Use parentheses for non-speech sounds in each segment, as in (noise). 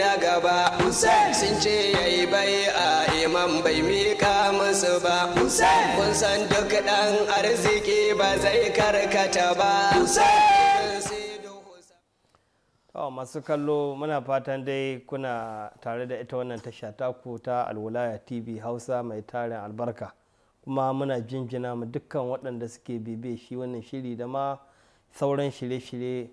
na gaba sun ce ya yi bai a iman bai mika musu ba kun san duk ɗan arziki ba zai karkata ba to masu kallo muna fatan dai kuna tare da ita wannan tasha taku ta alwulaya tv hausa mai tarin albarka kuma muna jinjina mu dukkan waɗanda suke bibe shi wannan shiri da ma sauran shirye-shirye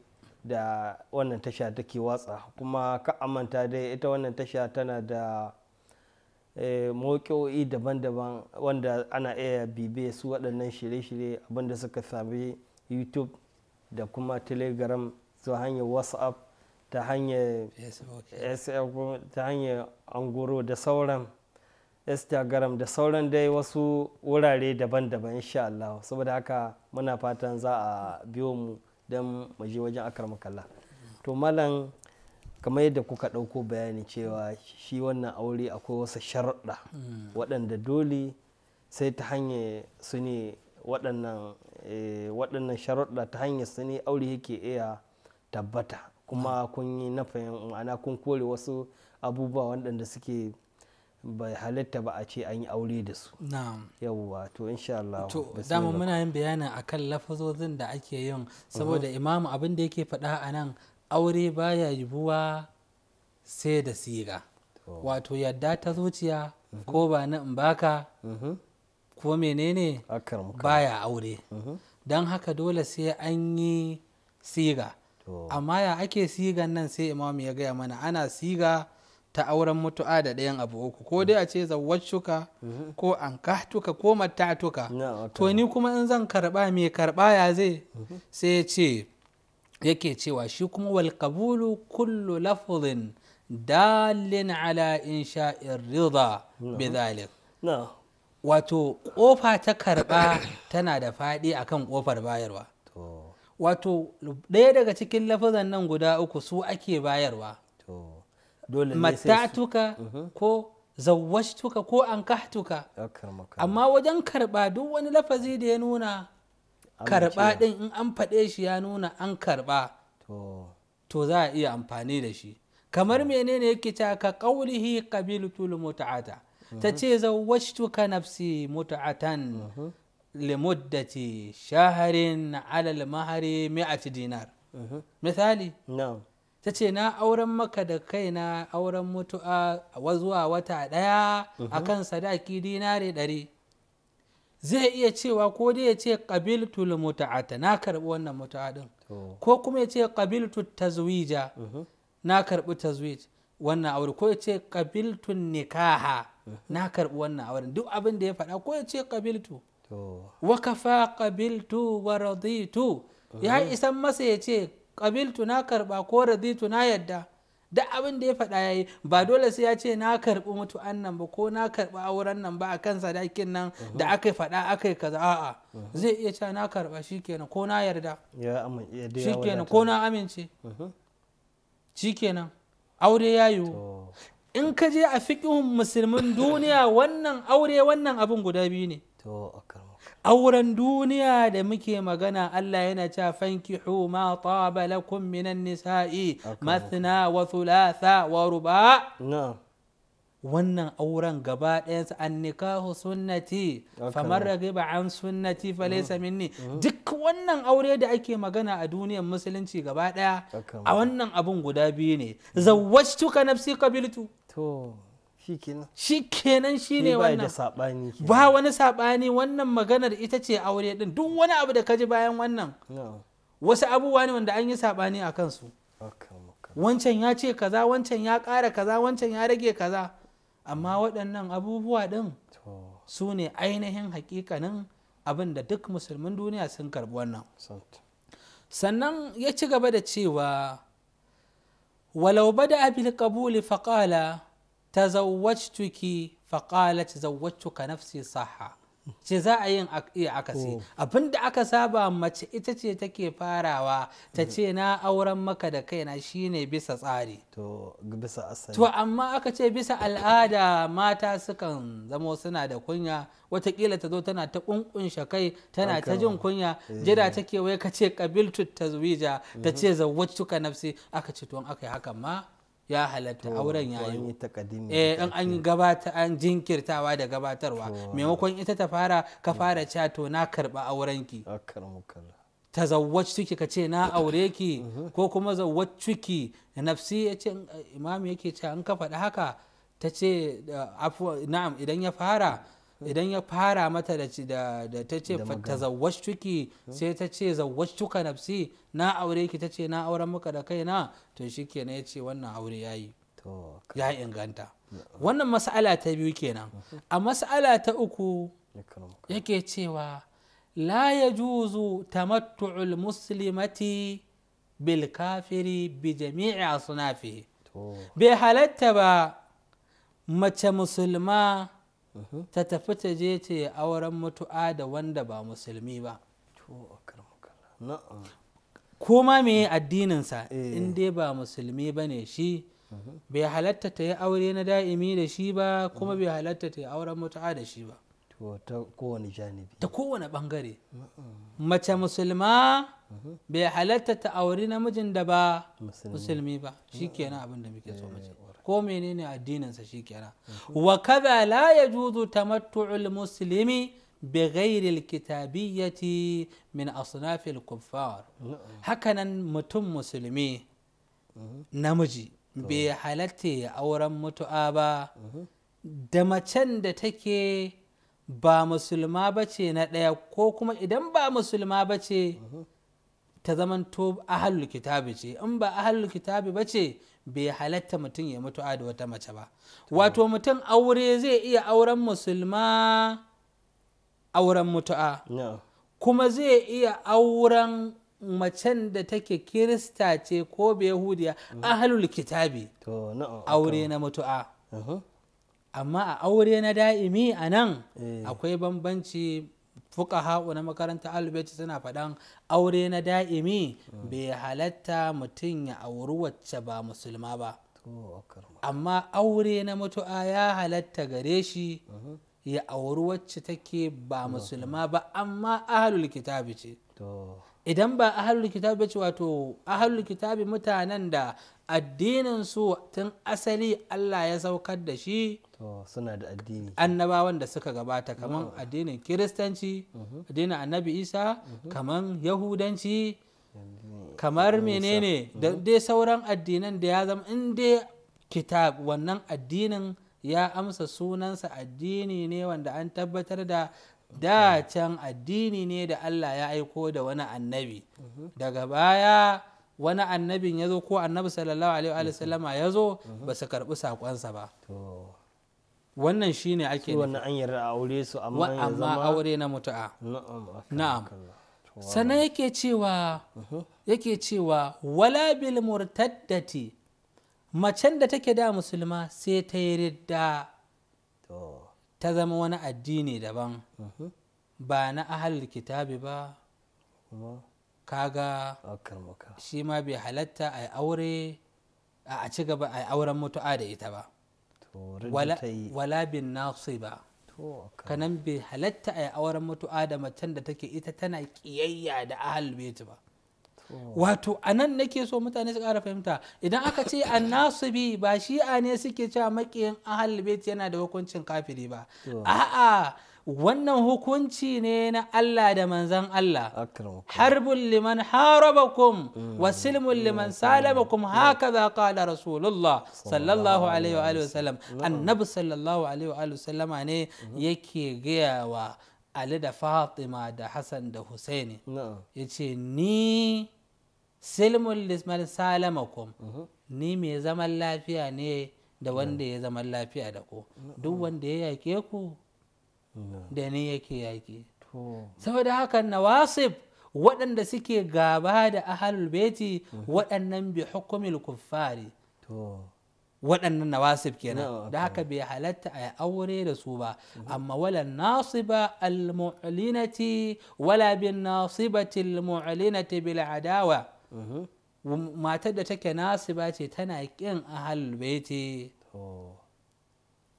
da wannan tasha take watsa kuma ka amanta dai ita wannan tasha tana da eh, moƙo'i daban-daban wanda ana iya bibe su waɗannan shirye-shirye abinda suka sami youtube da kuma telegram ta hanyar whatsapp ta hanyar ta hanyar angoro da sauran instagram da sauran dai wasu wurare daban-daban insha Allah saboda haka muna fatan za a biyo mu don mu je wajen makalla to malam kamar yadda kuka ɗauko bayani cewa shi wannan aure akwai wasu sharaɗa waɗanda dole sai ta hanyar su ne waɗannan eh, sharaɗa ta hanyar su ne aure yake iya tabbata kuma kun yi na fahimta ma'ana kun kore wasu abubuwa waɗanda suke bai halitta ba a ce an yi aure da su yawwa to insha Allah to dama muna yin bayanin akan lafazozin da ake yin saboda uh-huh. imamu abin da yake faɗa a nan aure baya yiwuwa sai da siga wato yadda ta zuciya uh-huh. ko ba na in baka uh-huh. ko menene baya aure don haka dole sai an yi siga amma ya ake sigan nan sai imamu ya gaya mana ana siga ta auren mutu'a da ɗayan abu uku ko dai a ce mhm. ko an kahtuka ko matatuka to ni kuma in zan karba mai karba ya zai mhm. sai ya ce yake cewa shi kuma wal kullu lafudin dalin ala insha'ir rida bidhalik wato ƙofa ta karba tana da faɗi kan ƙofar bayarwa wato ɗaya daga cikin lafazan nan guda uku su ake bayarwa mattatuka mhm. ko zawwajtuka ko ankatuka. amma wajen karba duk wani lafazi da ya nuna karba din in an faɗe shi ya nuna an karba to za a iya amfani da shi kamar mm. menene yake ta ka qaulihi qabiltul muta'ata mm-hmm. ta ce zawwajtuka nafsi mut'atan mm-hmm. limuddati shaharin alal mahari mi'ati dinar mm-hmm. misali ta ce na auren maka da kaina auren mutu'a zuwa wata ɗaya mhm. a kan sadaki dinare ɗari zai iya cewa ko dai ya ce ƙabiltul mutu'ata na karɓi wannan mutu'a ɗin oh. ko kuma ya ce ƙabiltul tazwija mhm. na karɓi tazwij wannan aure ko ya ce ƙabiltul nikaha mhm. na karɓi wannan auren duk abin da ya faɗa ko ya ce ƙabiltu oh. wa kafa ƙabiltu wa raditu ya isan masa ya ce kabiltu na karba ko raditu na yadda da abin da ya faɗa ya yi ba dole sai ya ce na karɓi mutu nan ba ko na karɓi auren nan ba a kan sadakin nan da mhm. aka faɗa aka yi kaza a'a mhm. zai iya cewa na karɓa shikenan ko na yarda shikenan ko na amince mhm. shikenan aure ya yiwu in ka je a fiƙin musulmin duniya wannan aure wannan abin guda biyu ne auren duniya da muke magana Allah yana cewa fankihu ma taba lakum minan nisa'i mathna wa thulatha wa ruba wannan auren gaba ɗayansa an nikahu sunnati famar ragiba an sunnati falaisa mm. minni mm-hmm. duk wannan aure da ake magana a duniyar musulunci gaba ɗaya a wannan abun guda biyu ne zawwajtuka nafsi qabiltu to shikenan shine wannan ba wani saɓani wannan maganar ita ce aure din duk wani abu da ka ji bayan wannan wasu abubuwa ne wanda an yi saɓani a kansu wancan ya ce kaza wancan ya ƙara kaza wancan ya rage kaza amma waɗannan abubuwa ɗin su ne ainihin hakikanin abin da duk musulmin duniya sun karbi wannan sannan ya ci gaba da cewa walau bada abil kabuli faƙala ta tazawwajtuki qalat zawwajtuka nafsi saha ce za a yin iya akasi mm. abinda aka saba mace ita ce take farawa ta ce na auren maka da kaina shine bisa tsari to amma aka ce bisa al'ada mata sukan zamo suna da kunya watakila ta zo tana ta kunkunsha kai tana ta jin kunya eh. jira take wai ka ce kabiltu tazwija ta ce mm-hmm. zawwajtuka nafsi aka ce to aka yi hakan ma ya halatta auren ya yi eh, in an gabata an jinkirtawa da gabatarwa maimakon ita ta fara ka mm. fara cewa to na karba aurenki ta ciki ka ce na aure ki mm-hmm. ko kuma zawwacci da nafsi ya ce imam yake ce an ka faɗi haka ta ce na'am idan ya fara idan ya fara mata da ta ce ta zawwashtuki hmm? sai ta ce zawwashtuka nafsi na aure ki ta ce na auren maka da kaina to shikenan ya ce wannan aure yayi ya inganta wannan mas'ala ta biyu kenan hmm. a mas'ala ta uku yake cewa la yajuzu tamattu'ul muslimati bil kafiri bi jami'i asnafihi bai halatta ba mace musulma Mm-hmm. ta tafi ta je ta yi auren mutu'a da wanda ba musulmi ba kuma me addininsa eh. in dai ba musulmi ba ne shi mm-hmm. bai halatta ta yi aure na da'imi da shi ba kuma mm-hmm. bai halatta ta yi auren mutu'a da shi ba ta kowane janibi ta kowane bangare mace musulma bai halatta ta auri namijin da ba musulmi ba shi kenan abin da muke so mace eh, ko menene addininsa shi kenan mm-hmm. wa kaza la yajuzu tamattu'ul muslimi bi ghairi kitabiyyati min asnafil kuffar mm-hmm. hakanan mutum musulmi mm-hmm. namiji bai halatta ya auren mutu'a ba da macen da take ba musulma ba ce na ɗaya ko kuma idan ba musulma ba ce ta zamanto ahalul kitabi ce in ba ahalul kitabi ba ce bai halatta mutum ya mutu da wata mace ba wato mutum aure zai iya auren musulma auren mutu'a kuma zai iya auren macen da take kirista ce ko yahudiya mm. halul kitabi aure na mutu'a uh-huh. amma a aure na da'imi a nan eh. akwai bambanci fuqaha na makaranta albeci suna faɗan aure na da'imi bai halatta mutum ya auri wacce ba musulma ba amma aure na mutu'a ya halatta gare shi mhm. ya auri wacce take ba musulma ba amma ahalul kitabi ce idan ba ahalul kitabi ce wato ahalul kitabi mutanen da addinin su tun asali Allah ya saukar da shi suna da addini annabawan da suka gabata kamar ah. addinin kiristanci mhm. addinin annabi isa mhm. kamar yahudanci kamar menene mhm. da dai sauran addinan da ya zama in dai kitab wannan addinin ya amsa sunansa addini ne wanda an tabbatar da dacen addini ne da Allah ya aiko da wani annabi daga baya wani annabin ya zo ko annabi sallallahu alaihi wa ya zo ba su karɓi saƙonsa ba wannan shine ake wannan an aure su amma ya zama aure na mutu'a na'am sannan yake cewa mhm. yake cewa wala bil murtaddati macen da take da musulma sai ta yi ridda ta zama wani addini daban mhm. ba na ahalar kitabi ba kaga shi ma bai halatta a aure a ci gaba a auren mutu'a da ita ba wala bin nasu ba kanan bai halatta a auren mutu'a da macen da take ita tana kiyayya da ahal baiti ba wato a nan nake so mutane su ƙara fahimta idan aka ce annasibi ba shi'a ne suke cewa makiyin ahal bait yana da hukuncin kafiri ba a'a wannan hukunci ne na Allah da manzan Allah harbun liman harabakum mm. wa silmun liman salabakum mm. haka za kala rasulullah sallallahu alaihi wa sallam annabi sallallahu alaihi wa sallam ne mm-hmm. yake gaya wa Ali da Fatima da Hassan da Husaini ya ce ni silmun liman salamakum mm-hmm. ni mai zaman lafiya ne da wanda ya zaman lafiya da ku duk wanda ya yake ku da ni yake yaƙi saboda haka Nawasif waɗanda suke gaba da ahalul beti waɗannan bi hukumil kuffari waɗannan Nawasif kenan da haka bai halatta a aure da su ba amma wala nasiba almu'linati wala bin nasibati almu'linati bil adawa mhm. matar da take nasiba ce tana kin ahalul beti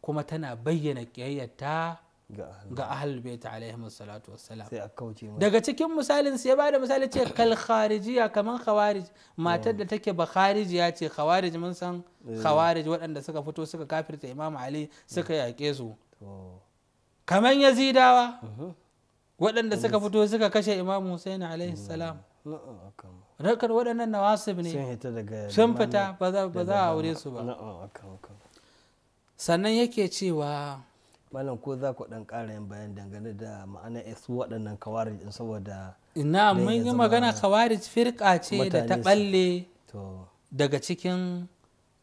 kuma tana bayyana kiyayyarta ga ahlul bait alaihim salatu wassalam sai a kauce daga cikin misalin sai ba da misali ce kal kharijiya kaman khawarij matar da take ba kharijiya ce khawarij mun san eh. khawarij waɗanda suka fito suka kafirta imam ali suka hmm. yaƙe su kaman yazidawa mhm. waɗanda suka fito suka kashe imam husaini alaihi hmm. salam rakar waɗannan nawasib ne sun fita ba za a aure su ba sannan yake cewa malam ko za ku dan ƙara yin bayan dangane da ma'ana su waɗannan kawarij din saboda ina mun yi magana kawarij firka ce da ta balle daga cikin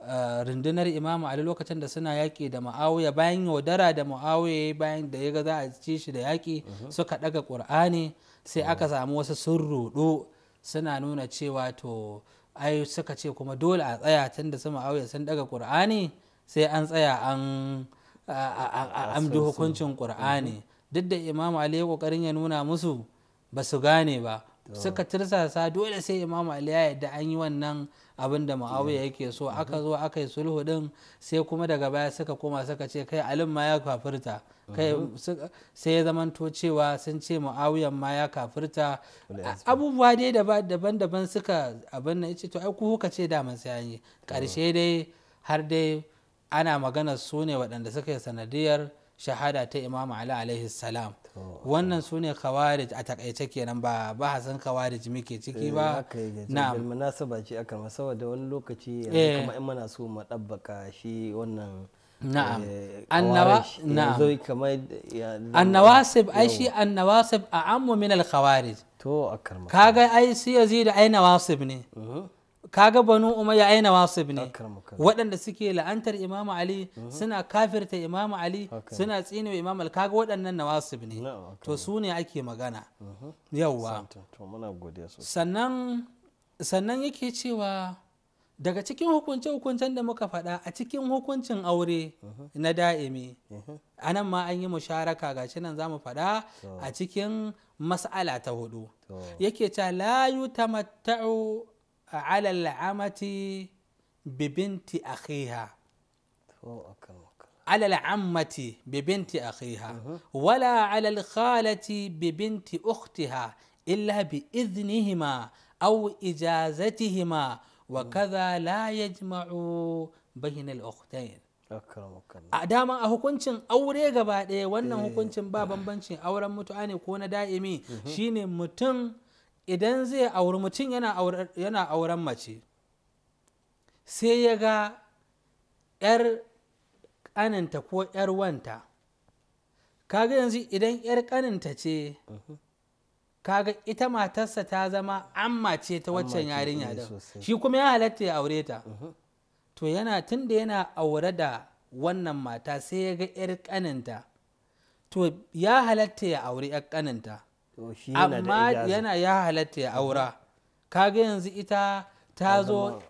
eh, rundunar imamu ali lokacin da suna yaƙi da ma'awuya bayan yaudara da ma'awuya bayan da ya ga za a ci shi da yaƙi mhm. suka ɗaga ƙur'ani sai mhm. aka samu wasu sun ruɗu suna nuna cewa to ai suka ce kuma dole a tsaya tun da su ma'awuya sun ɗaga ƙur'ani sai an tsaya an amdu hukuncin qur'ani mhm. duk da imamu ali ya kokarin ya nuna musu ba su gane ba suka tirsasa dole sai imamu ali ya yadda an yi wannan abin da ma'awiya yake so mhm. aka zo aka yi sulhu din sai kuma daga baya suka koma suka ce kai alin ma ya kafirta mhm. sai ya zamanto cewa sun ce ma'awiyan ma ya kafirta abubuwa dai daban-daban suka abin na ce to ai ku kuka ce daman sai yi karshe dai har dai ana maganar su ne waɗanda suka yi sanadiyar shahada ta imam ali alaihi salam wannan su ne kawarij a takaice kenan ba ba bahasin kawarij muke ciki ba eh, na munasaba ce aka masa saboda wani lokaci eh. kuma in muna so mu dabbaka shi wannan na'am eh, annawa na'am kamar annawasib ai shi annawasib a'ammu min al khawarij to akarma kaga ai su yazid ai nawasib ne mhm. kaga banu umayya aina wasib ne waɗanda suke la'antar imamu ali mhm. suna kafirta imamu ali suna wa imamu kaga waɗannan nawasib ne to su ne ake magana mhm. yawwa sannan sannan yake cewa daga cikin hukunce hukuncin da muka faɗa a cikin hukuncin aure mhm. na da'imi a nan ma an yi musharaka ga shi nan za mu faɗa a cikin mas'ala ta hudu yake ta layu ta على العمة ببنت أخيها على العمة ببنت أخيها ولا على الخالة ببنت أختها إلا بإذنهما أو إجازتهما وكذا لا يجمع بين الأختين a dama a hukuncin aure gaba ɗaya wannan hukuncin ba bambancin auren mutu'a ne ko idan zai auri mutum yana auren mace sai ya ga 'yar kaninta ko 'yar wanta kaga yanzu idan 'yar kaninta ce mhm. kaga ita matarsa ta zama amma ce ta waccan yarinya da shi kuma ya halatta ya aure ta mhm. to yana tunda yana aure da wannan mata sai ya ga 'yar kaninta to ya halatta ya aure 'yar kaninta. amma yana ya halatta ya aura kaga yanzu ita ta zo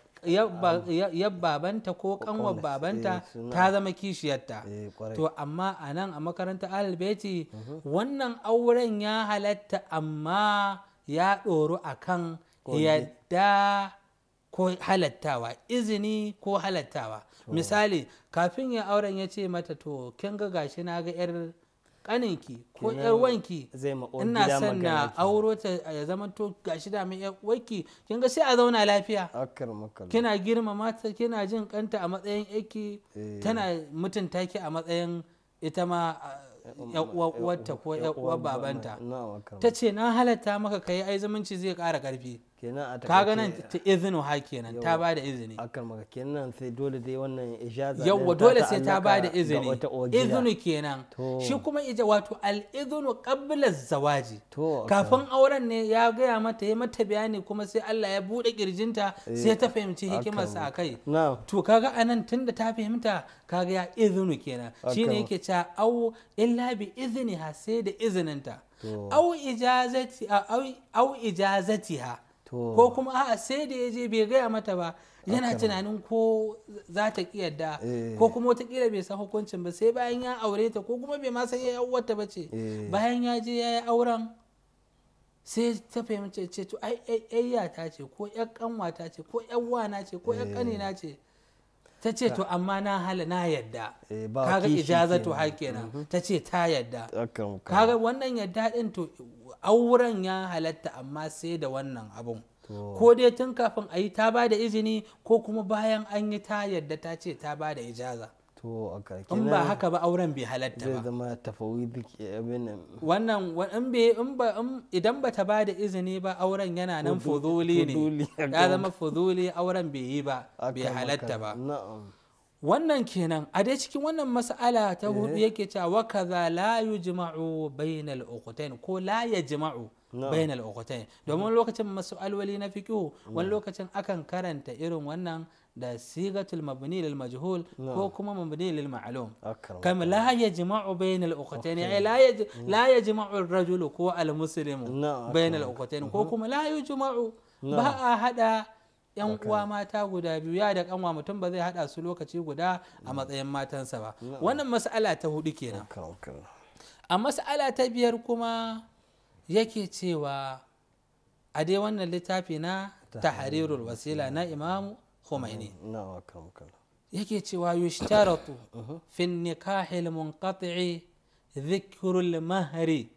yabbabanta ko kanwar babanta eh, ta zama kishiyarta eh, to amma a nan a makaranta alibeti mhm. wannan auren ya halatta amma ya ɗoru a kan yadda ko halattawa izini ko halattawa misali kafin ya auren ya ce mata to kin ga gashi na ga 'yar kaninki ko yar wanki ina son na auro ta ya zama to gashi da mai yawanki kin ga sai a zauna lafiya kina girmama mata kina jin kanta a matsayin yaki eh. tana mutunta ki a matsayin ita ma uwarta ko babanta ta ce na halatta maka kai ai zumunci zai kara karfi kenan a kaga nan ta izinu ha kenan ta ba da izini akan maka kenan sai dole dai wannan ijaza yawa dole sai ta ba da izini izinu kenan shi kuma ija wato al izinu qabla zawaji kafin auren ne ya gaya mata yayi mata bayani kuma sai Allah ya bude kirjinta eh, sai ta fahimci hikimar sa kai to kaga anan tunda ta fahimta kaga ya izinu kenan shine yake cha au illa bi ha sai da izininta au ijazati au ijazatiha ko kuma a'a sai da ya je bai gaya mata ba yana tunanin ko za ta kiyarda eh. ko kuma wata kila bai san hukuncin ba sai bayan ya aure ta ko kuma bai ma san ya uwarta ba ce eh. bayan ya je ya yi auren sai ta fahimci ce to ai ai ta ce ko yar ta ce ko yar wana ce ko yar eh. na ce ta ce to amma na hala na yadda kaga ijazatu hakina mhm. ta ce ta yadda kaga wannan yadda din to auren ya halatta amma sai da wannan abun ko dai tun kafin a yi ta ba da izini ko kuma bayan an yi ta yadda ta ce ta ba da ijaza in ba haka ba auren bai halatta ba zama tafawidi wannan in ba idan ta ba da izini ba auren yana nan fuzuli ne ya zama fuzuli auren bai yi ba bai halatta ba wannan kenan a dai cikin wannan mas'ala ta hudu eh. yake cewa wa kaza la yujma'u bainal uqtain ko la yajma'u bainal uqtain domin lokacin mas'alwali na fiqh wani lokacin akan karanta irin wannan da sigatul mabni lil majhul ko kuma mabni lil ma'lum kam la yajma'u bain al ay la la yajma'u ar ko al muslim bain ko mhm. kuma la yajma'u ba a hada yan uwa mata guda biyu ya da kanwa mutum ba zai hada su lokaci guda a mm. matsayin matansa ba mm. wannan mas'ala ta hudu kenan a mas'ala ta biyar kuma yake cewa a dai wannan littafi na tahrirul wasila na imam khomeini mm-hmm. yake cewa yushtaratu mm-hmm. fi nikahil munqati'i dhikrul mahri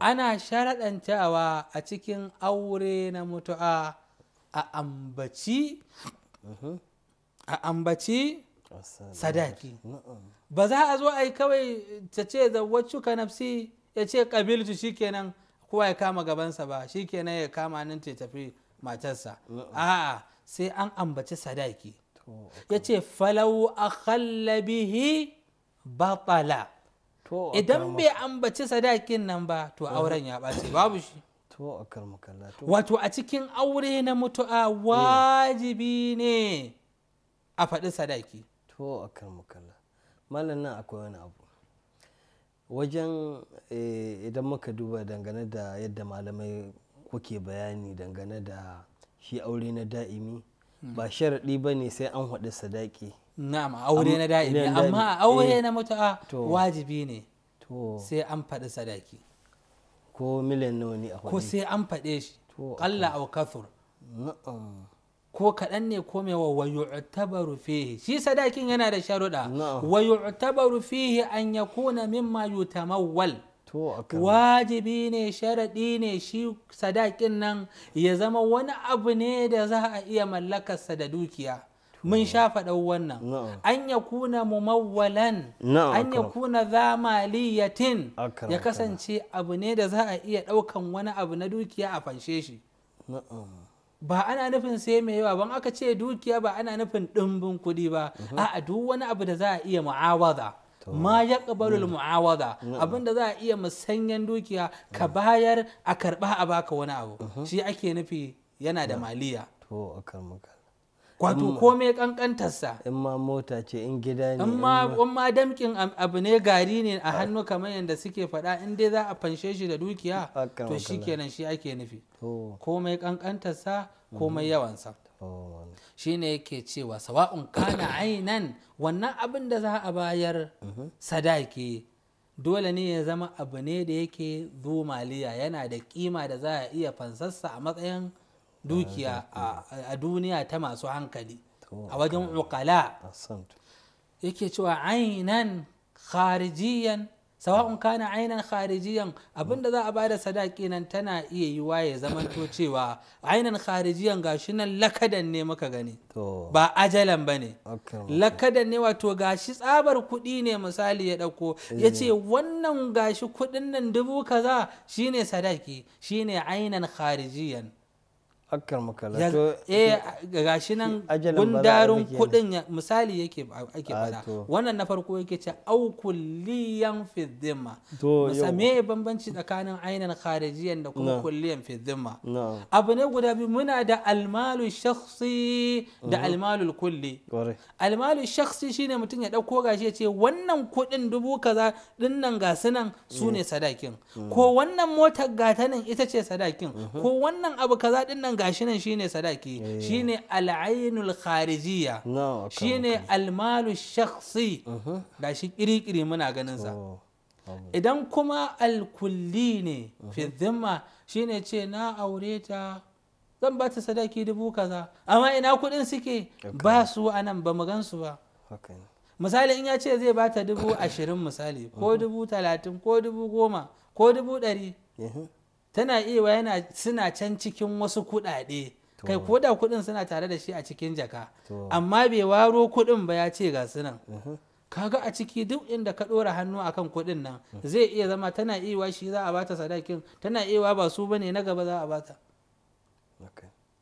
ana sharaɗantawa a cikin aure na mutu'a a ambaci mhm. sadaki ba za a zo a yi kawai ta ce zawwacuka nafsi ya ce ƙabiltu shikenan kowa ya kama gabansa ba shi shikenan ya kama nan ta tafi matarsa a'a sai an ambaci sadaki ya ce falau a bihi batala idan bai ambaci sadakin nan ba to mhm. auren ya ɓace babu shi to mukallatu wato a cikin aure na mutuwa wajibi ne a faɗi sadaki to akar mukalla malam nan akwai wani abu wajen eh, idan muka duba dangane da yadda malamai kuke bayani dangane da shi aure na da'imi hmm. ba sharaɗi ba ne sai an haɗu sadaki na'am aure na da'imi amma aure eh. na mutu'a wajibi ne sai an faɗi sadaki ko miliyan nawa ne a ko sai an faɗe shi Allah au kathur ko kaɗan ne ko mai wa tabaru fihi shi sadakin yana da sharuɗa wayo tabaru fihi an min ta yutamawwal wajibi ne sharaɗi ne shi sadakin nan ya zama wani abu ne da za a iya mallakarsa da dukiya mun sha faɗau wannan an ya kuna mumawwalan an ya kuna za maliyatin ya kasance abu ne da za a iya ɗaukan wani abu na dukiya a fanshe shi ba ana nufin sai mai yawa ban aka ce dukiya ba ana nufin ɗimbin kuɗi ba mhm. a duk wani abu da za a iya mu'awaza ma ya mm. mu'awaza abin da za a iya musanyen dukiya ka mm. bayar a karɓa a baka wani abu mhm. shi ake nufi yana da maliya kwato mm. kome kankantarsa in ma mota ce in gida ne in ma damkin abu ne gari ne a ah. hannu kamar yadda suke faɗa in dai za a fanshe shi da dukiya to shi kenan shi ake nufi komai kankantarsa mm-hmm. komai yawansa shi ne yake cewa sawa'un kana ainan wannan abin da za a bayar mm-hmm. sadaki dole ne ya zama abu ne da yake zo maliya yana da kima da za a iya fansarsa a matsayin Ah, dukiya a duniya ta masu hankali a wajen ukala yake cewa ainan kharijiyan sawa'un kana ainan kharijiyan abinda za a bada sadaki nan tana iya yiwa ya to (coughs) cewa ainan kharijiyan gashi nan lakadan ne muka gani ba ajalan ba ne lakadan ne wato gashi tsabar kuɗi ne misali ya ɗauko eh. ya ce wannan gashi kuɗin nan dubu kaza shine sadaki shine ainan kharijiyan akkar makala to eh gashi nan gundarin kudin misali yake ake bada ah, wannan na farko yake ce au kulliyan fi dhimma me bambanci tsakanin ainan kharijiyan da kuma kulliyan fi dhimma abu ne guda biyu muna da almalu shakhsi da mhm. almalu kulli almalu shakhsi shine mutum ya dauko gashi ya ce wannan kudin dubu kaza dinnan ga sunan su ne mm. sadakin mm. ko wannan motar gata nan ita ce sadakin mhm. ko wannan abu kaza dinnan gashi nan shine sadaki eh. shine al'ainul kharijiyya shine almalu shakhsi uh-huh. gashi kirikiri muna ganin sa oh, idan kuma alkulli ne uh-huh. fi shi shine ce na aure ta zan ba ta sadaki dubu kaza amma ina kudin suke ba su anan ba mu gan su ba misali in ya ce zai ba ta dubu ashirin misali ko uh-huh. dubu talatin ko dubu goma ko dubu ɗari tana iya yana suna can cikin wasu kuɗaɗe kai ko da kuɗin suna tare da shi a cikin jaka amma bai waro kuɗin ba ya ce ga sunan uh-huh. kaga a ciki duk inda ka ɗora hannu akan kuɗin nan uh-huh. zai iya zama tana iya shi za a bata sadakin tana iya ba su bane na gaba za a bata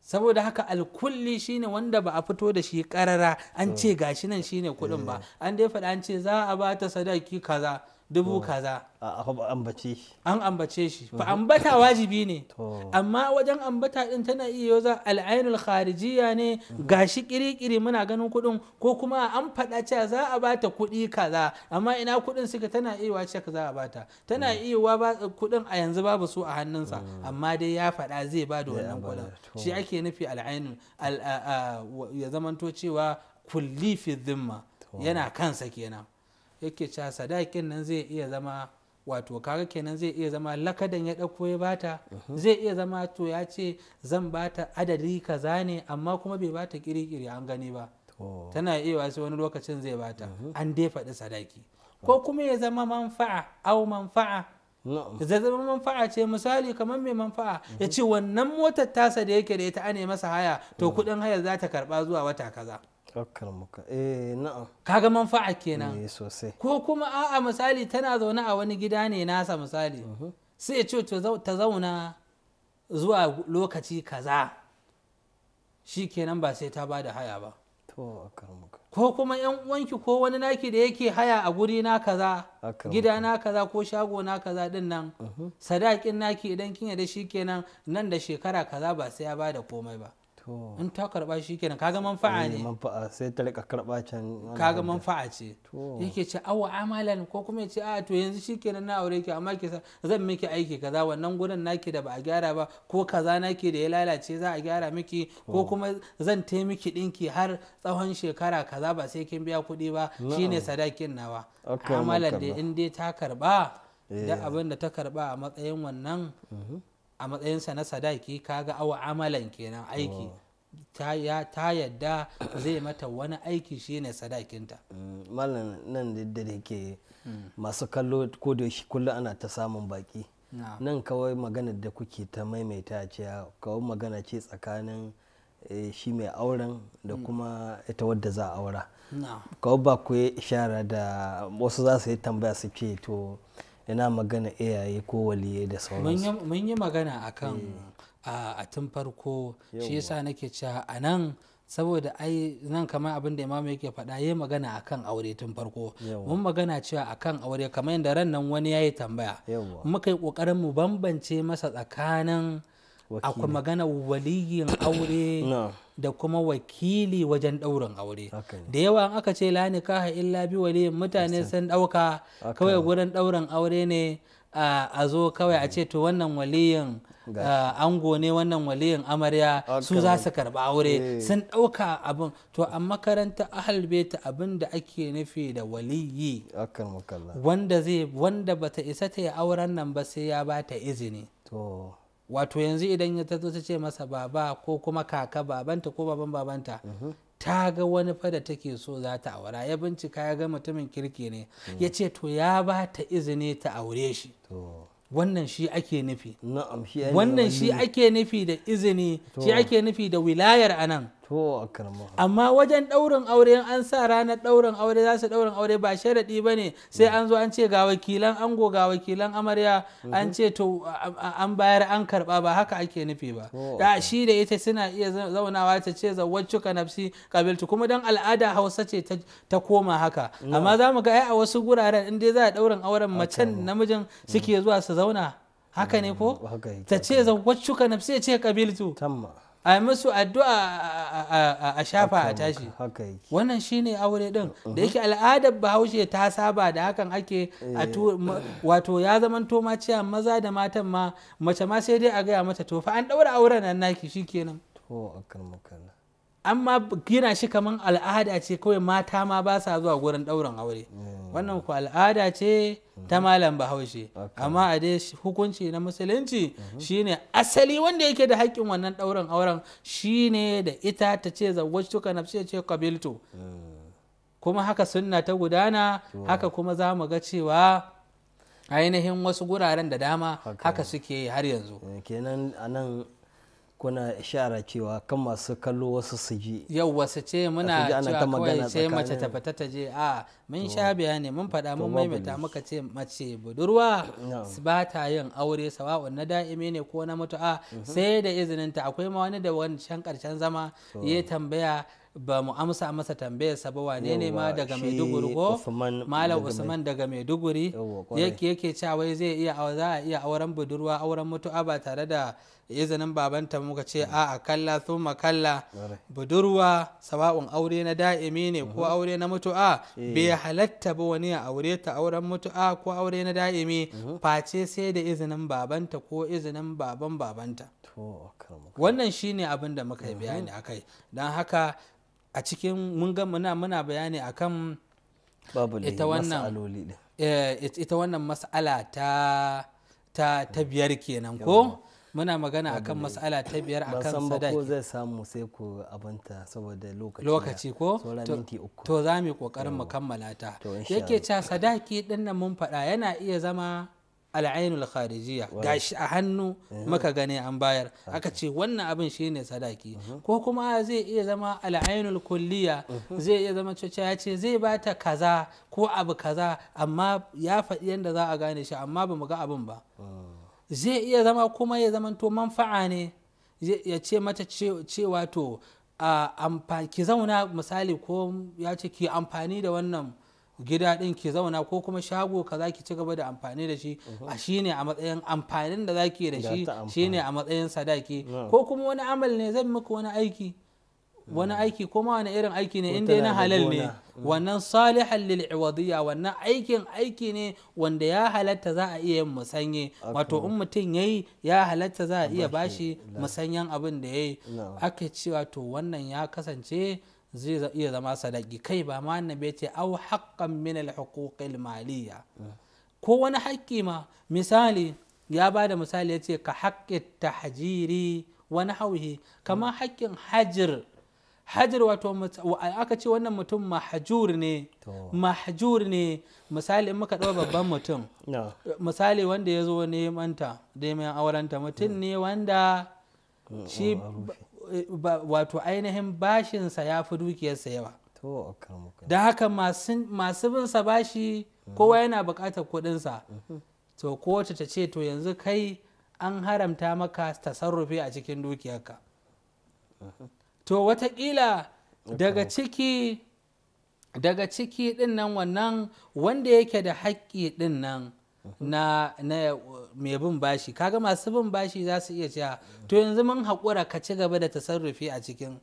saboda haka alkulli shine wanda ba a fito da shi karara an ce gashi nan shine kuɗin ba eh. an dai faɗa an ce za a bata sadaki kaza dubu oh. kaza an ambace shi fa mm-hmm. ambata wajibi ne amma wajen ambata din tana iya yau za al'ainul kharijiya ne mm-hmm. gashi kirikiri muna ganin kudin ko kuma an faɗa cewa za a bata kuɗi kaza amma ina kudin suka tana iya cek za a bata tana iya wa mm-hmm. kudin a yanzu babu su a hannunsa amma dai ya faɗa zai ba da wannan kudin shi ake nufi al'ainul ya zamanto cewa kulli fi dhimma yana kansa kenan yake cewa sadakin nan zai iya zama wato kaga kenan zai iya zama lakadan ya ɗauko ya bata mhm. zai iya zama to ya ce zan bata adadi kaza ne amma kuma bai bata kirikiri an gani ba tana iya wasu wani lokacin zai bata mhm. an dai faɗi sadaki ko kuma ya zama manfa'a au manfa'a zai zama manfa'a ce misali kamar mai manfa'a ya mhm. ce wannan motar tasa da yake da ita ane masa haya to mm. kuɗin haya za ta karɓa zuwa wata kaza eh na'am kaga manfa'a kenan eh sosai ko kuma a'a misali tana zaune a wani gida ne nasa misali mhm. sai ce ta zauna zuwa lokaci kaza shi kenan ba sai ta ba da haya ba ko kuma yan wanki ko wani naki da yake haya a guri na kaza gida na kaza ko shago na kaza din nan mhm. sadakin naki idan kin da shi kenan nan da shekara kaza ba sai ya ba da komai ba in ta karba shi kenan kaga manfa'a eh, ne manfa'a sai ta rika karba can kaga manfa'a ce yake ce awa amalan ko kuma ya ce a to yanzu shi kenan na aure ki amma ki zan miki aiki kaza wannan gurin naki da ba a gyara ba ko kaza naki da ya lalace za a gyara miki ko kuma zan tai miki dinki har tsawon shekara kaza ba sai kin biya kuɗi ba shine sadakin nawa amalan da in dai ta karba da eh. abin da ta karba a matsayin wannan mhm. a matsayinsa na sadaki kaga awa amalan kenan aiki oh. ta yadda zai mata wani aiki shine sadakinta mm, malam nan da dare ke hmm. masu kallo ko da shi kullum ana ta samun baki nan kawai magana da kuke ta maimaita ce kawai magana ce tsakanin eh, shi mai auren da hmm. kuma ita wadda za a aura kawai ba ku ishara da wasu za su yi tambaya su ce to yana magana iyaye ko waliye da sauransu mun yi magana akan mm. a tun farko shi yasa nake cewa a nan saboda ai nan kamar abin da imamu yake faɗa yayi magana akan aure tun farko mun magana cewa akan aure kamar yadda ran nan wani ya yi tambaya muka yi ƙoƙarin mu bambance masa tsakanin akwai magana waliyin (coughs) aure da kuma wakili wajen ɗaurin aure da yawa an aka ce la kaha illa bi waliyin mutane sun ɗauka kawai gurin ɗaurin aure ne a zo kawai a ce to wannan waliyin ango ne wannan waliyin amarya su za su karba aure eh. sun ɗauka abin to a makaranta ahalbeta abin da ake nufi da waliyi wanda zai wanda bata isa ta yi auren nan ba sai ya ba ta izini wato yanzu idan ya ta ce masa baba ko kuma kaka babanta ko baban babanta mhm. ta ga wani fada take so za ta aura ya bincika ya ga mutumin kirki ne mm. ya ce to ya ba ta izini ta aure shi wannan shi ake nufi wannan shi ake nufi da izini shi ake nufi da wilayar anan amma wajen ɗaurin aure an sa ranar ɗaurin aure za su ɗaurin aure ba sharaɗi ba ne sai an zo an ce ga wakilan ango ga wakilan amarya an ce to an bayar an karba ba haka ake nufi ba da shi da ita suna iya zaunawa ta ce ka nafsi kabiltu kuma dan al'ada hausa ce ta koma haka amma za mu ga a wasu guraren in dai za a ɗaurin auren macen namijin mm. suke zuwa su zauna haka ne ko mm, ta ce zawwaccuka nafsi ce kabiltu tamma a musu addu'a a shafa a tashi wannan shine aure din da uh-huh. yake al'adar bahaushe ta saba da hakan ake eh. wato ya zaman to ciya maza da matan ma mace ma sai dai a gaya mata to fa an ɗaura auren nan naki shikenan amma gina shi kamar al'ada ce kawai mata ma ba sa zuwa gurin ɗaurin aure eh. wannan ku al'ada ce ta malam bahaushe amma a dai hukunci na musulunci shine asali wanda yake da haƙƙin wannan ɗaurin auren shine da ita ta ce zawwajtuka nafsi ce kabiltu eh. kuma haka sunna ta gudana haka kuma za mu ga cewa ainihin wasu guraren da dama haka suke har yanzu eh, kenan anan kuna ishara cewa kan masu kallo wasu su ji yau wasu ce muna cewa kawai ce mace ta fita ta je a mun sha bayani mun faɗa mun maimaita muka ce mace budurwa ba ta yin aure sawa'un na da'ime ne ko na mutu'a mhm. sai da izinin ta akwai ma wani da wancan karshen zama ya tambaya ba mu amsa masa tambayar sa ba wane ne ma daga maiduguri ko malam usman daga maiduguri yake yake cewa zai iya za a iya auren budurwa auren mutu'a ba tare da izinin babanta muka ce mm. a kalla thumma kalla budurwa sawa'un aure na da'imi ne ko mm-hmm. aure na mutu'a eh. bai halatta ba wani ya aure ta auren mutu'a ko aure na da'imi mm-hmm. face sai da izinin babanta ko izinin baban babanta wannan shine abin da muka yi bayani mm-hmm. akai don haka a cikin mun ga muna muna bayani akan ita wannan eh, ita wannan mas'ala ta ta ta biyar kenan ko muna magana akan mas'ala ta biyar akan sadaki ba zai samu sai ku abanta saboda lokaci lokaci ko to za mu yi kokarin mu kammala ta yake ca sadaki din nan mun faɗa yana iya zama al'ainul kharijiyya gashi a hannu maka gane an bayar aka ce wannan abin shine sadaki ko kuma zai iya zama al'ainul kulliya zai iya zama cewa ya ce zai bata kaza ko abu kaza amma ya faɗi yadda za a gane shi amma ba mu ga abin ba oh. zai iya zama kuma ya zama to manfa'a ne ya ce mata cewa to ah, ki zauna misali ko ya ce ki amfani da wannan gida din ki zauna ko kuma shago ka za ki ci gaba da amfani da shi mhm. a shine a matsayin amfanin da za ki da shi shine a matsayin sadaki ko kuma wani amal ne zan muku wani aiki wani aiki kuma wani irin aiki ne inda na halal ne wannan salihan lil iwadiyya wannan aikin aiki ne wanda ya halatta za a iya yin musanye wato in mutum yayi ya halatta za a iya bashi musanyan abin da yayi aka ce wato wannan ya kasance zai iya zama sadaki kai ba ma annabi ce au haqqan min al huquqil maliya ko wani haƙƙi ma misali ya ba da misali ya ce ka haƙƙi tahjiri wani hauhi kamar haƙƙin hajir hajir wato aka ce wannan mutum mahajur ne mahajur ne misali in muka ɗau babban mutum misali wanda ya zo nemanta da aurenta mutum ne wanda mm, shi mm, wato ainihin bashinsa ya fi dukiyarsa yawa da haka masu bin sa bashi kowa yana bukatar kuɗinsa to kowace ta ce to yanzu kai an haramta maka tasarrufi a cikin dukiyarka to watakila daga ciki daga ciki ɗin nan wannan wanda yake da haƙƙi ɗin nan na na mai bin bashi kaga masu bin bashi za su iya cewa to yanzu mun haƙura ka ci gaba da tasarrufi a cikin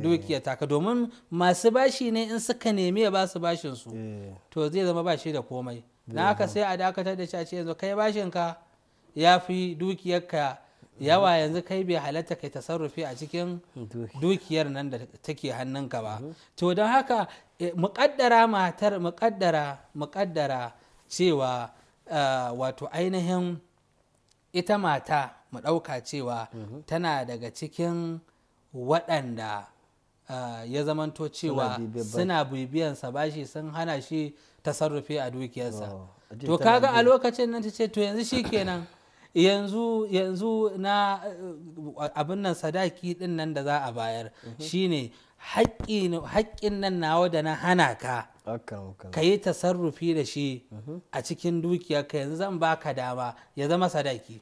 dukiya taka domin masu bashi ne in suka nemi ya basu bashin su eh. to zai zama bashi da komai na eh. haka sai a dakatar da shi yanzu kai bashin ka ya fi dukiyarka yawa yanzu kai bai halatta kai tasarrufi a cikin dukiyar nan da take hannunka ba mm-hmm. to don haka eh, muƙaddara matar muƙaddara muƙaddara cewa wato ainihin ita mata mu ɗauka cewa mhm. tana daga cikin waɗanda ya zamanto cewa suna bibiyansa bashi sun hana shi tasarrufi a dukiyarsa oh, to kaga a lokacin nan ta ce to yanzu shi kenan (coughs) yanzu yanzu na eh, abin nan sadaki din nan da za a bayar mhm. shine haƙƙin nan nawa da na hana ka ka yi tasarrufi da shi mhm. a cikin dukiya ka yanzu zan baka dama ya zama sadaki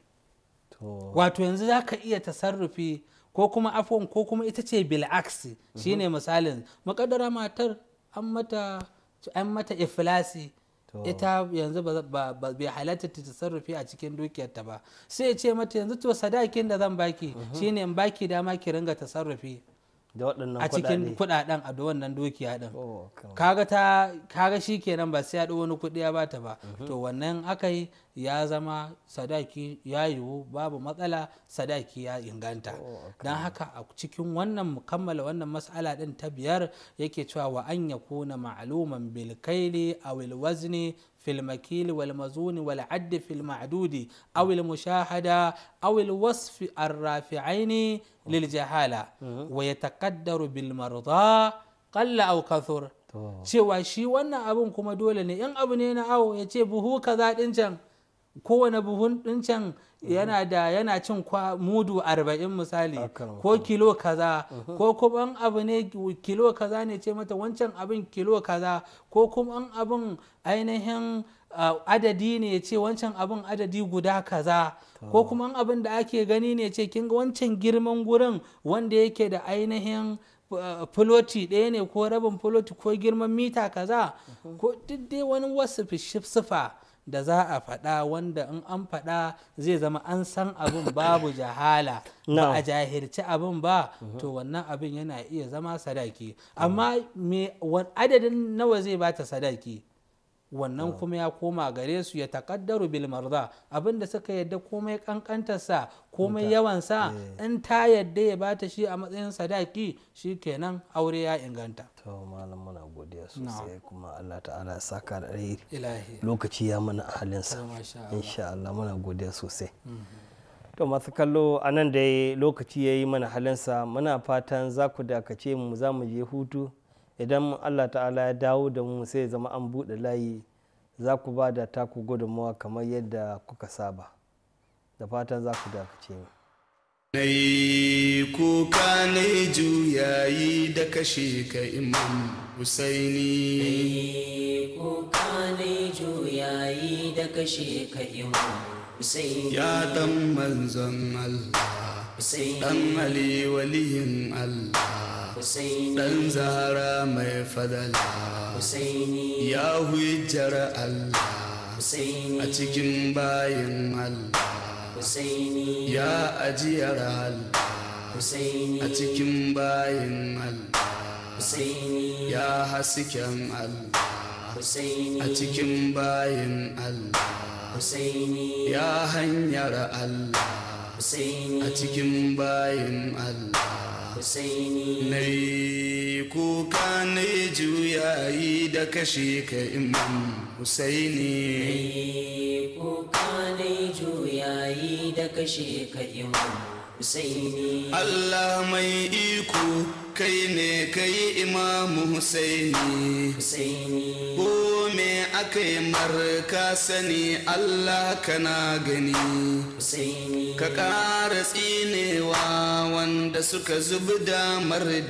wato yanzu za ka iya tasarrufi ko kuma afon ko kuma ita ce bil'aksi mhm. shine misalin makadara matar an mata an iflasi ita yanzu bai halatta ta tasarrufi a cikin dukiyarta ba sai ya ce mata yanzu to sadakin da zan baki mhm. shine in baki dama ki ringa tasarrufi Da waɗannan a cikin kuɗaɗen a da wannan dukiya ɗin oh, kaga shi kenan basu ba sai ya wani kuɗi ya bata ba mhm. to wannan yi ya zama sadaki ya yiwu babu matsala sadaki ya inganta oh, don haka a cikin wannan mukammala wannan matsala ɗin ta biyar yake cewa wa an ya kuna ma'aluman bilkaili a wilwazni في المكيل والمزون والعد في المعدود أو المشاهدة أو الوصف الرافعين للجهالة ويتقدر بالمرضى قل أو كثر cewa shi wannan abin kuma dole ne in abu ne na awo ya ce buhu kaza ɗin can kowane buhun ɗincan yana da yana cin kwa mudu arba'in misali ko kilo kaza uhuh. ko kuma abu ne kilo kaza ne ce mata wancan abin kilo kaza ko kuma abin ainihin adadi ne ce wancan abin adadi guda kaza ko ah. kuma abin da ake gani ne ce kin wancan girman gurin wanda yake da ainihin filoti ɗaya ne ko rabin filoti ko girman mita kaza uhuh. ko duk dai wani wasu sifa da za a faɗa wanda in an faɗa zai zama an san abin babu jahala ba a jahirci abin ba mhm. to wannan abin yana iya zama sadaki mhm. amma adadin nawa zai bata sadaki wannan ah. kuma ya koma gare su ya takaddaru bil marza abinda suka yadda komai kankantarsa komai yawansa eh. in ta yadda ya bata shi a matsayin sadaki shi kenan aure ya inganta to malam muna godiya sosai kuma Allah ta'ala ya saka da lokaci ya mana halinsa insha Allah muna godiya sosai mhm. to masu kallo anan da dai lokaci ya yi mana halinsa muna fatan za ku dakace mu za mu je hutu idan allah ta'ala ya dawo da mu sai zama an buɗe layi za ku ba da taku gudunmawa kamar yadda kuka saba da fatan za ku dakace mu Nai kuka ne juyayi da kashe kuka ne juyayi da kashe ka imam Husaini. Ya dan manzon Allah, dan Ali waliyin Allah. Husaini dan Zahra mai fadala Husaini ya hujjar Allah Husaini a cikin bayan Allah ya ajiyar Allah Husaini a cikin bayan Allah ya hasken Allah a cikin bayan Allah ya hanyar Allah a cikin bayin Allah husaini nai kuka juyayi da kashe nai kuka nai juyayi da kashe ka imam husaini allah mai iko kai ne kai imamu husaini ko me aka yi marka sani allah kana gani ka ƙara tsinewa wanda suka zubda mar